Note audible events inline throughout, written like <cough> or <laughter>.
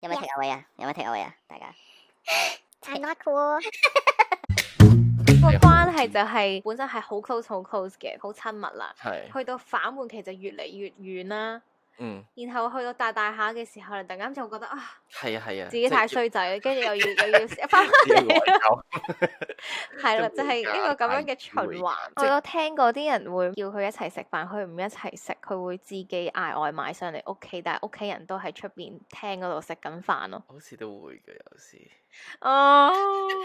有冇聽阿位啊？有冇聽阿位啊？大家，I'm not cool。個關係就係本身係好 close 好 close 嘅，好親密啦。係，是 去到反叛期就越嚟越遠啦。嗯，然後去到大大下嘅時候，突然間就會覺得啊，係啊係啊，係係係自己太衰仔，跟住又要又要食翻，係咯，即係呢個咁樣嘅循環。我有聽過啲人會叫佢一齊食飯，佢唔一齊食，佢會自己嗌外賣上嚟屋企，但係屋企人都喺出邊廳嗰度食緊飯咯。好似都會嘅有時，哦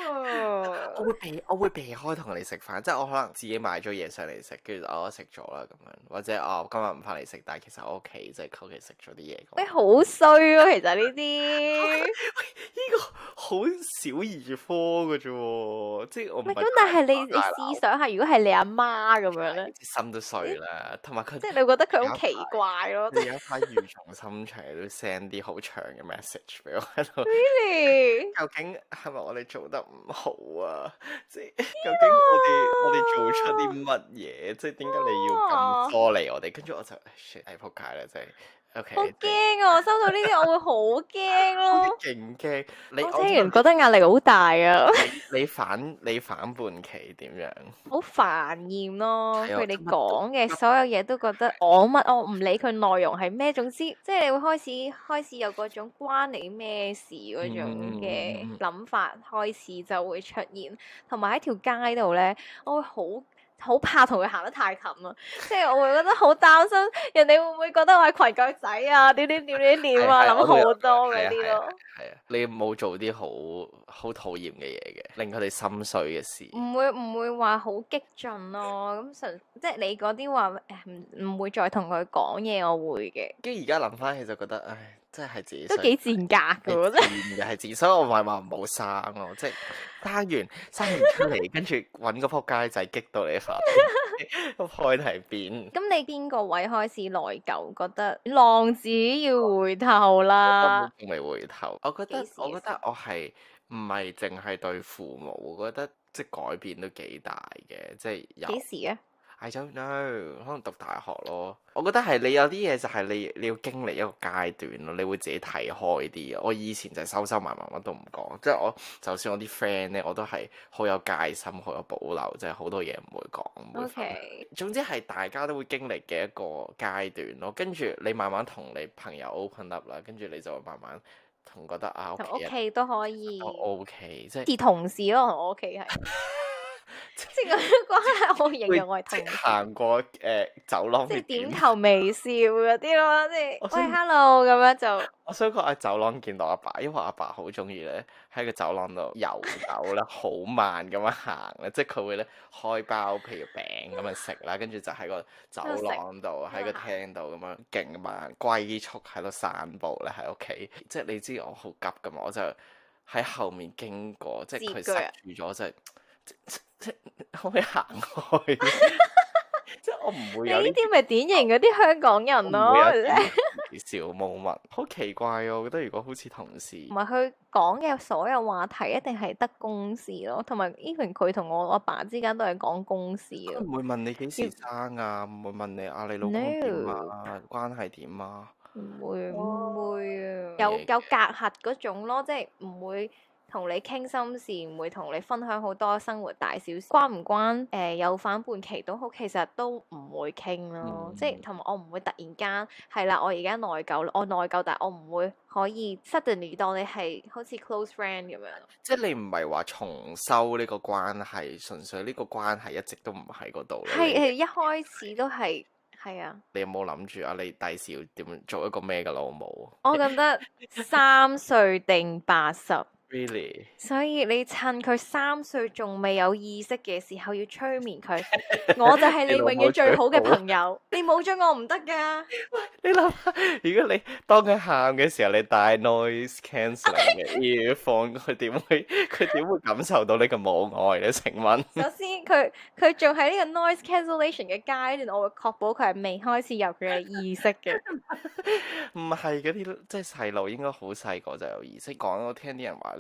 ，oh, <laughs> 我會避，我會避開同你食飯，即係我可能自己買咗嘢上嚟食，跟住我食咗啦咁樣，或者我、哦、今日唔翻嚟食，但係其實我屋企求其食咗啲嘢。你好衰咯， <laughs> 其實呢啲呢個好小兒科嘅啫，即係我唔係咁。但係你惰你試想下，如果係你阿媽咁樣咧，心都碎啦，同埋佢即係你覺得佢好奇怪咯、啊，你係一開 <laughs> 魚蟲心腸，都 send 啲好長嘅 message 俾我喺度。Really？ <laughs> 究竟係咪我哋做得唔好啊？即係 Yeah. <laughs> 究竟我哋我哋做出啲乜嘢？即係點解你要咁多嚟我哋？跟住我就 shit 撲街啦，真、哎、係～喊喊 OK，好驚啊！ <laughs> 收到呢啲我會好驚咯，勁驚。你聽完覺得壓力好大啊！ <laughs> 你反你反叛期點樣？好煩厭咯，佢哋講嘅所有嘢都覺得我乜，我唔理佢內容係咩，總之 <laughs> 即係你會開始開始有嗰種關你咩事嗰種嘅諗法開始就會出現，同埋喺條街度咧，我會好。好怕同佢行得太近啦，即係我會覺得好擔心，人哋會唔會覺得我係裙腳仔啊？點點點點點啊，諗好多嗰啲咯。係啊，你冇做啲好好討厭嘅嘢嘅，令佢哋心碎嘅事。唔會唔會話好激進咯，咁純即係你嗰啲話，唔唔會再同佢講嘢，我會嘅。跟住而家諗翻起，就覺得唉。真係自己都幾賤格嘅，真係賤嘅係賤，所以我唔係話唔好生咯 <laughs> mosque of， <laughs> 即係生完生完出嚟，跟住揾個仆街仔激到你下，個態度係變。咁你邊個位開始內疚，覺得浪子要回頭啦？根本未回頭。我覺得少事 我覺得我係唔係淨係對父母，我覺得即係改變都幾大嘅，即係有幾時啊？原 I don't know，可能讀大學咯。我覺得係你有啲嘢就係你你要經歷一個階段咯，你會自己睇開啲。我以前就收收埋埋，乜都唔講。即係我，就算我啲 friend 咧，我都係好有戒心，好有保留，即係好多嘢唔會講。OK。Okay. 總之係大家都會經歷嘅一個階段咯。跟住你慢慢同你朋友 open up 啦，跟住你就會慢慢同覺得啊屋企都可以。OK，即係同事咯，同我屋企係。 <laughs> 即係嗰一刻，我形容我係行過誒、呃、走廊，即係點頭微笑嗰啲咯，即係喂 hello 咁樣就。我想講喺走廊見到阿爸，因為阿爸好中意咧喺個走廊度游走咧，好 <laughs> 慢咁樣行咧，即係佢會咧開包譬如餅咁去食啦，跟住 <laughs> 就喺個走廊度，喺個廳度咁樣勁慢龜速喺度散步咧喺屋企。即係你知我好急噶嘛，我就喺後面經過，即係佢剎住咗就。居 <laughs> 可唔可以行開， <laughs> 即我唔會。咁呢啲咪典型嗰啲香港人咯、啊，少冇問，好奇怪啊！我覺得如果好似同事，同埋佢講嘅所有話題一定係得公事咯，同埋 even 佢同我阿爸,爸之間都係講公事啊，唔會問你幾時生啊，唔要會問你啊，你老公點啊，No. 關係點啊，唔會唔會，會啊、哇有有隔閡嗰種咯，即唔會。同你傾心事，唔會同你分享好多生活大小事，關唔關誒、呃、有反叛期都好，其實都唔會傾咯。嗯、即係同埋我唔會突然間係啦，我而家內疚，我內疚，但係我唔會可以 suddenly 當你係好似 close friend 咁樣。即係你唔係話重修呢個關係，純粹呢個關係一直都唔喺嗰度。係係，一開始都係係啊。你有冇諗住啊？你第時要點做一個咩嘅老母？我覺得三歲定八十。Really? 所以你趁佢三歲仲未有意識嘅時候要催眠佢， <laughs> 我就係你永遠最好嘅朋友， <laughs> 你冇咗我唔得噶。喂，你諗下，如果你當佢喊嘅時候，你帶 noise cancelling 嘅，嘢，放佢點會，佢點會感受到呢個母愛咧？請問，首先佢佢仲喺呢個 noise cancellation 嘅階段，我會確保佢係未開始有佢嘅意識嘅。唔係嗰啲即係細路，應該好細個就有意識，講我聽啲人話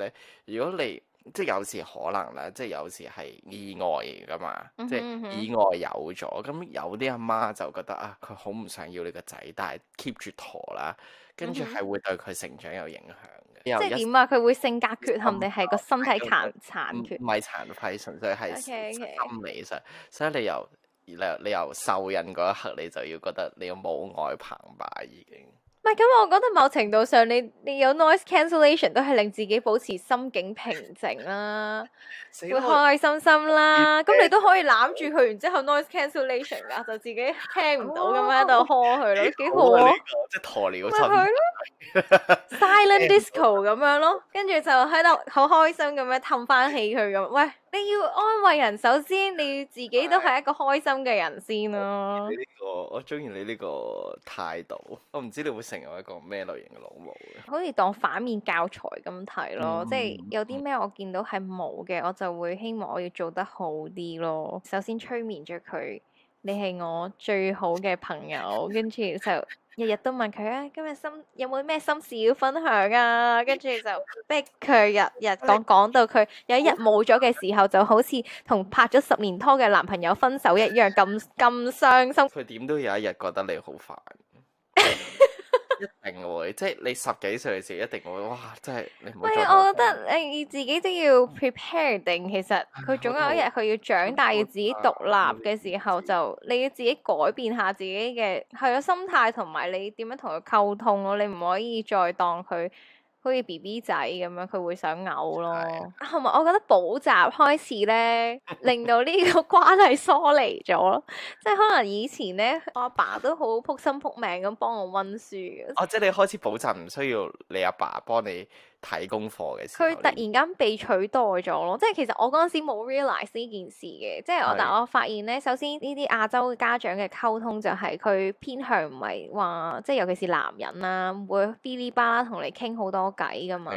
如果你即係有時可能啦，即係有時係意外㗎嘛，嗯、哼哼即係意外有咗，咁有啲阿媽，媽就覺得啊，佢好唔想要你個仔，但係 keep 住陀啦，跟住係會對佢成長有影響嘅。即係點啊？佢會性格缺陷定係個身體殘會殘缺？唔係殘廢，純粹係心理上。所以你由，你由，你，由，你，由你由受孕嗰一刻，你就要覺得你要母愛澎湃已經。唔係咁，我覺得某程度上，你你有 noise cancellation 都係令自己保持心境平靜啦、啊，開了開心心啦、啊。咁了你都可以攬住佢，了然之後 noise cancellation 噶、啊，就自己聽唔到咁樣喺度呵佢咯，幾好啊！即係鴕鳥佢咯，silent disco 咁 <laughs> 樣咯，跟住就喺度好開心咁樣氹翻起佢咁，喂。你要安慰人，首先你要自己都係一個開心嘅人先咯、啊。呢、呢個我中意你呢個態度，我唔知你會成為一個咩類型嘅老母嘅。好似當反面教材咁睇咯，嗯、即係有啲咩我見到係冇嘅，我就會希望我要做得好啲咯。首先催眠咗佢，你係我最好嘅朋友，跟住 <laughs> 就。日日都問佢啊，今日心有冇咩心事要分享啊？跟住就逼佢日日講，講到佢有一日冇咗嘅時候，就好似同拍咗十年拖嘅男朋友分手一樣，咁咁傷心。佢點都有一日覺得你好煩。 <laughs> 一定會，即係你十幾歲嘅時候一定會，哇！真係你唔好、哎、我覺得你自己都要 prepare 定，其實佢總有一日佢要長大，嗯哎、要自己獨立嘅時候，哎、時候就你要自己改變下自己嘅係個心態，同埋你點樣同佢溝通咯。你唔可以再當佢。好似 B B 仔咁樣，佢會想嘔咯，同埋的我覺得補習開始咧，令到呢個關係疏離咗咯。 <laughs> 即係可能以前咧，我阿爸,爸都好仆心仆命咁幫我温書嘅。哦，即係你開始補習唔需要你阿爸幫你。睇功課嘅時候，佢突然間被取代咗咯。即係其實我嗰陣時冇 realize 呢件事嘅，即係我，是但我發現咧，首先呢啲亞洲嘅家長嘅溝通就係、是、佢偏向唔係話，即係尤其是男人啦、啊，會噼哩吧啦同你傾好多偈㗎嘛。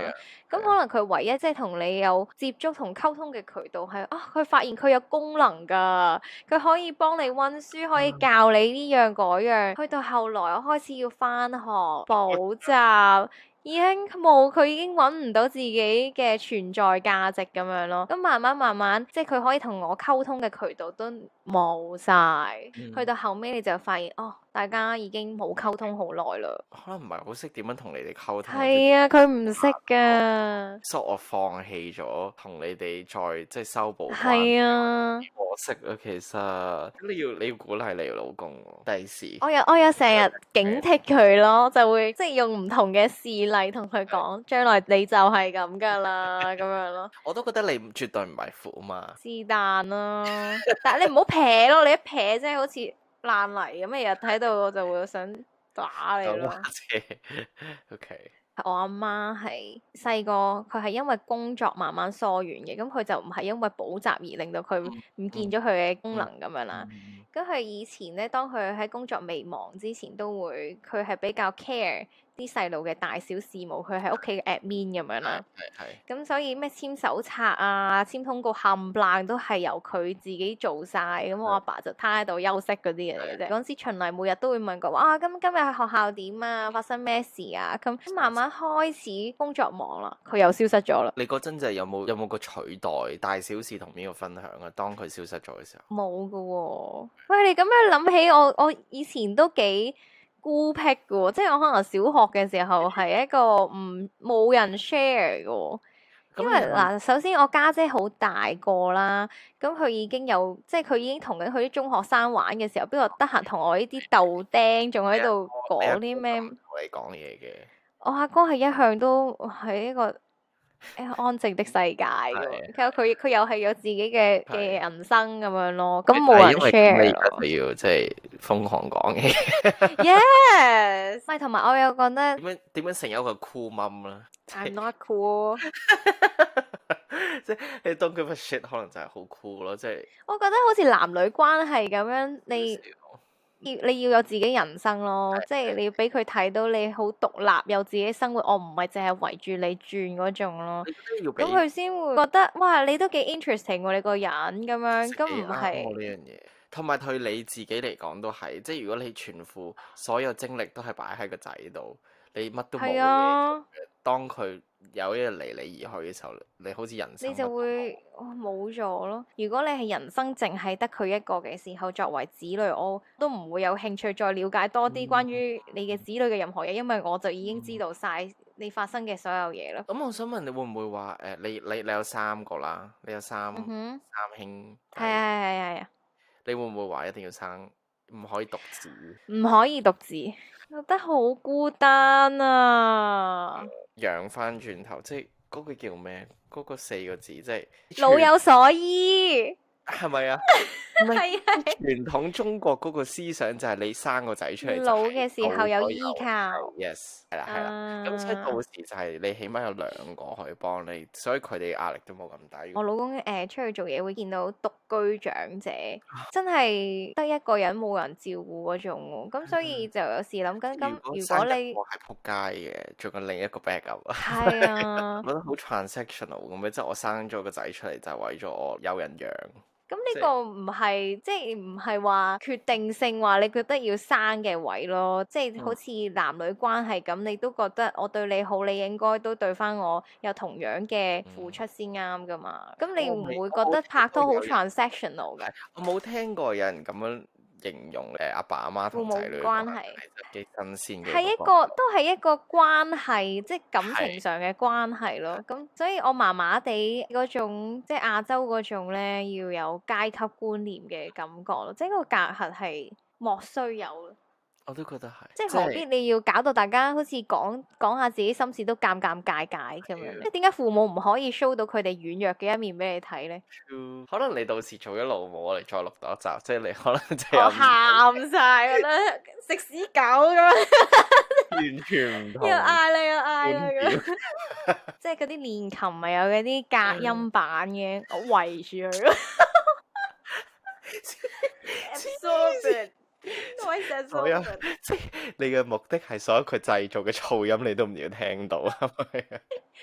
咁的可能佢唯一即係同你有接觸同溝通嘅渠道係啊，佢發現佢有功能㗎，佢可以幫你温書，可以教你呢樣嗰樣。去、嗯、到後來，我開始要返學補習。補習 <laughs> 已經冇，佢已經搵唔到自己嘅存在價值咁樣咯。咁慢慢慢慢，即係佢可以同我溝通嘅渠道都冇晒。嗯、去到後尾，你就發現哦。大家已經冇溝通好耐啦，可能唔係好識點樣同你哋溝通。係啊，佢唔識㗎，所以我放棄咗同你哋再即係修補。係啊，可惜啊，其實你要你要鼓勵你老公，第時我有我有成日警惕佢咯，就會即係用唔同嘅事例同佢講，將來你就係咁㗎喇咁樣咯。我都覺得你絕對唔係苦嘛，是但咯，但你唔好撇咯，你一撇即係好似爛泥咁，日日睇到我就會想打你咯。 <laughs> O.K. 我阿媽係細個，佢係因為工作慢慢疏遠嘅，咁佢就唔係因為補習而令到佢唔見咗佢嘅功能咁、嗯、樣啦。咁佢、嗯嗯、以前咧，當佢喺工作未忙之前，都會佢係比較 care。啲細路嘅大小事務，佢喺屋企 admin 咁樣啦，係係。咁、嗯、所以咩簽手冊啊、簽通告冚唪唥都係由佢自己做晒。咁、嗯、是我阿爸，爸就趴喺度休息嗰啲嚟嘅啫。嗰陣時循例每日都會問佢，哇、啊、咁、嗯、今日喺學校點啊？發生咩事啊？咁、嗯、慢慢開始工作忙啦，佢又消失咗啦。你嗰陣就係有冇有冇個取代大小事同邊個分享啊？當佢消失咗嘅時候，冇㗎喎。喂，你咁樣諗起我，我以前都幾～孤僻嘅，即係我可能小學嘅時候係一個唔冇人 share 嘅，因為嗱，首先我家姐好大個啦，咁佢已經有，即係佢已經同緊佢啲中學生玩嘅時候，邊個得閒同我呢啲豆丁仲喺度講啲咩？我哋講嘢嘅，我阿哥係一向都喺一個。哎、安靜的世界、啊，佢佢又係有自己嘅嘅的人生咁樣咯，咁冇的人 share 你要即係瘋狂講嘢 Yes。Yes，咪同埋我有覺得點點樣，樣成有個 cool mom 啦？I'm not cool、 <laughs> <laughs> 就是。即係你 don't give a shit，可能就係好 cool 咯。即、就、係、是、我覺得好似男女關係咁樣，你。要你要有自己人生咯，的即係你要俾佢睇到你好獨立，有自己生活，我唔係淨係圍住你轉嗰種咯。咁佢先會覺得哇，你都幾 interesting 喎，啊，你個人咁樣，咁唔係。同埋對你自己嚟講都係，即係如果你全副所有精力都係擺喺個仔度，你乜都冇嘢。的當佢，有一日離你而去嘅時候，你好似人生你就會冇咗、哦、咯。如果你係人生淨係得佢一個嘅時候，作為子女，我都唔會有興趣再了解多啲關於你嘅子女嘅任何嘢，嗯、因為我就已經知道晒你發生嘅所有嘢咯。咁、嗯嗯嗯嗯、我想問你會唔會話誒、呃，你你你，你有三個啦，你有三嗯嗯三兄，係係係係啊！你會唔會話一定要生？唔可以獨自，唔可以獨自，覺得好孤單啊！養返轉頭，即係嗰句叫咩？嗰、那個四個字即係老有所依，係咪啊？ <laughs> 唔係，傳統中國嗰個思想就係你生個仔出嚟，老嘅時候有依靠。Yes，係啦係啦。咁即係到時就係你起碼有兩個可以幫你，所以佢哋壓力都冇咁大。我老公誒、呃、出去做嘢會見到獨居長者， <laughs> 真係得一個人冇人照顧嗰種。咁所以就有時諗緊，咁 <laughs> 如果你我係扑街嘅，做緊另一個 backup。係啊，覺得好 transactional 咁樣，即、就、係、是、我生咗個仔出嚟就為咗我有人養。咁呢個唔係是即係唔係話決定性話你覺得要生嘅位咯，即係好似男女關係咁，嗯、你都覺得我對你好，你應該都對返我有同樣嘅付出先啱㗎嘛？咁你唔會覺得拍拖好 transactional 㗎？我冇聽過有人咁樣。形容誒阿爸阿媽同仔女關係，係幾新鮮嘅。係一個，都係一個關係，即係感情上嘅關係咯。咁是所以我麻麻地嗰種，即係亞洲嗰種咧，要有階級觀念嘅感覺咯，即係個隔閡係莫須有。我都覺得係，即係何必你要搞到大家好似講講下自己心事都尷尷尬尬咁樣？即係點解父母唔可以 show 到佢哋軟弱嘅一面俾你睇咧？可能你到時做咗老母，我哋再錄多一集，即係你可能就、哎、喊晒覺得食屎狗咁樣，完全唔同。要嗌你，要嗌你咁，哈哈即係嗰啲練琴咪有嗰啲隔音板嘅、嗯、我圍住佢。So、 <laughs> 的的所有即係你嘅目的係所有佢製造嘅噪音，你都唔要聽到，係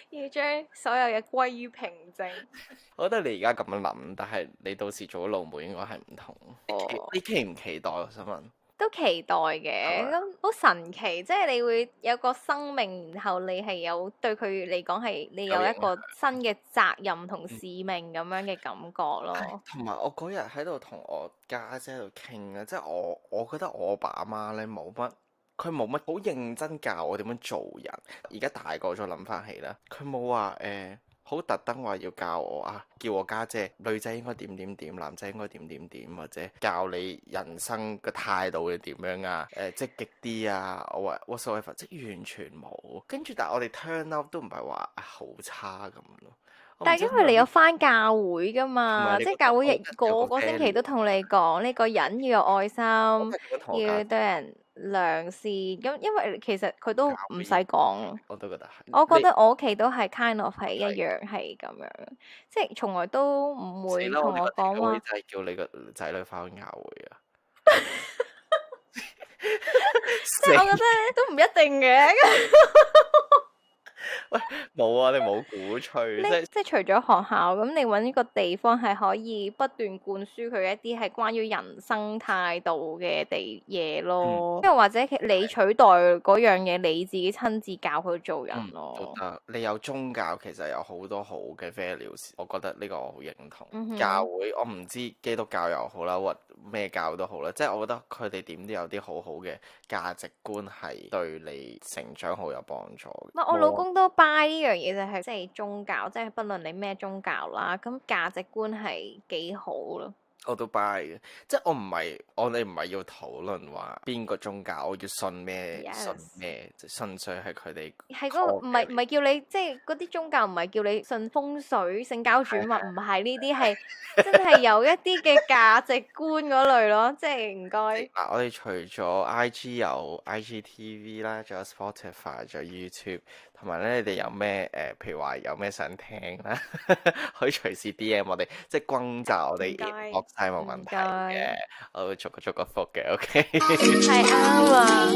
咪？要將所有嘢歸於平靜。 <laughs> 我覺得你而家咁樣諗，但係你到時做老母應該係唔同。Oh. 你期唔期待？我想問。都期待嘅，咁好吧神奇，即係你會有個生命，然後你係有對佢嚟講係你有一個吧新嘅責任同使命咁、嗯、樣嘅感覺咯。同埋我嗰日喺度同我家姐喺度傾啊，即係我我覺得我爸媽呢，冇乜，佢冇乜好認真教我點樣做人。而家大個咗，諗翻起咧，佢冇話誒。好特登話要教我啊，叫我家姐女仔應該點點點，男仔應該點點點，或者教你人生嘅態度要點樣啊？誒，積極啲啊！我話 whatsoever，即係完全冇，跟住但係我哋 turn up 都唔係話好差咁咯。但係因為你有翻教會噶嘛，即係教會日個個星期都同你講你個人要有愛心，要對人。良善，因因為其實佢都唔使講，我都覺得係，我覺得你我屋企都係 kind of 係一樣係咁樣，是即係從來都唔會同我講話，就係叫你個仔女翻去亞會啊， <laughs> <laughs> 即係我覺得都唔一定嘅。 <laughs> 喂，冇啊，你冇鼓吹，你即係即係除咗學校，咁你搵呢個地方係可以不斷灌輸佢一啲係關於人生態度嘅地嘢咯，即係、嗯、或者你取代嗰樣嘢，你自己親自教佢做人咯、嗯。你有宗教，其實有好多好嘅 values，我覺得呢個我好認同。嗯、哼教會，我唔知基督教又好啦，好咩教都好啦，即係我覺得佢哋點都有啲好好嘅價值觀，係對你成長好有幫助。唔係，我老公都 buy 呢樣嘢就係即係宗教，即係不論你咩宗教啦，咁價值觀係幾好咯。我都 by 嘅，即係我唔係我哋唔係要討論話邊個宗教，我要信咩 Yes. 信咩，純粹係佢哋係嗰，唔係唔係叫你即係嗰啲宗教唔係叫你信風水、性交轉，或唔係呢啲係真係有一啲嘅價值觀嗰類咯，即係唔該。 <laughs> 我哋除咗 I G 有 I G T V 啦，仲有 Spotify、仲有 YouTube，同埋咧你哋有咩誒，譬如話有咩想聽啦， <laughs> 可以隨時 D M 我哋，即係轟炸我哋。係冇問題嘅，謝謝我會逐個逐個覆嘅。OK，係啱啊！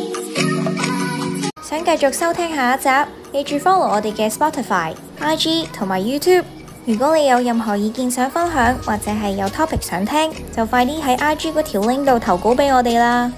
拜拜。想繼續收聽下一集，記住 follow 我哋嘅 Spotify、IG 同埋 YouTube。如果你有任何意見想分享，或者係有 topic 想聽，就快啲喺 IG 嗰條 link 度投稿俾我哋啦。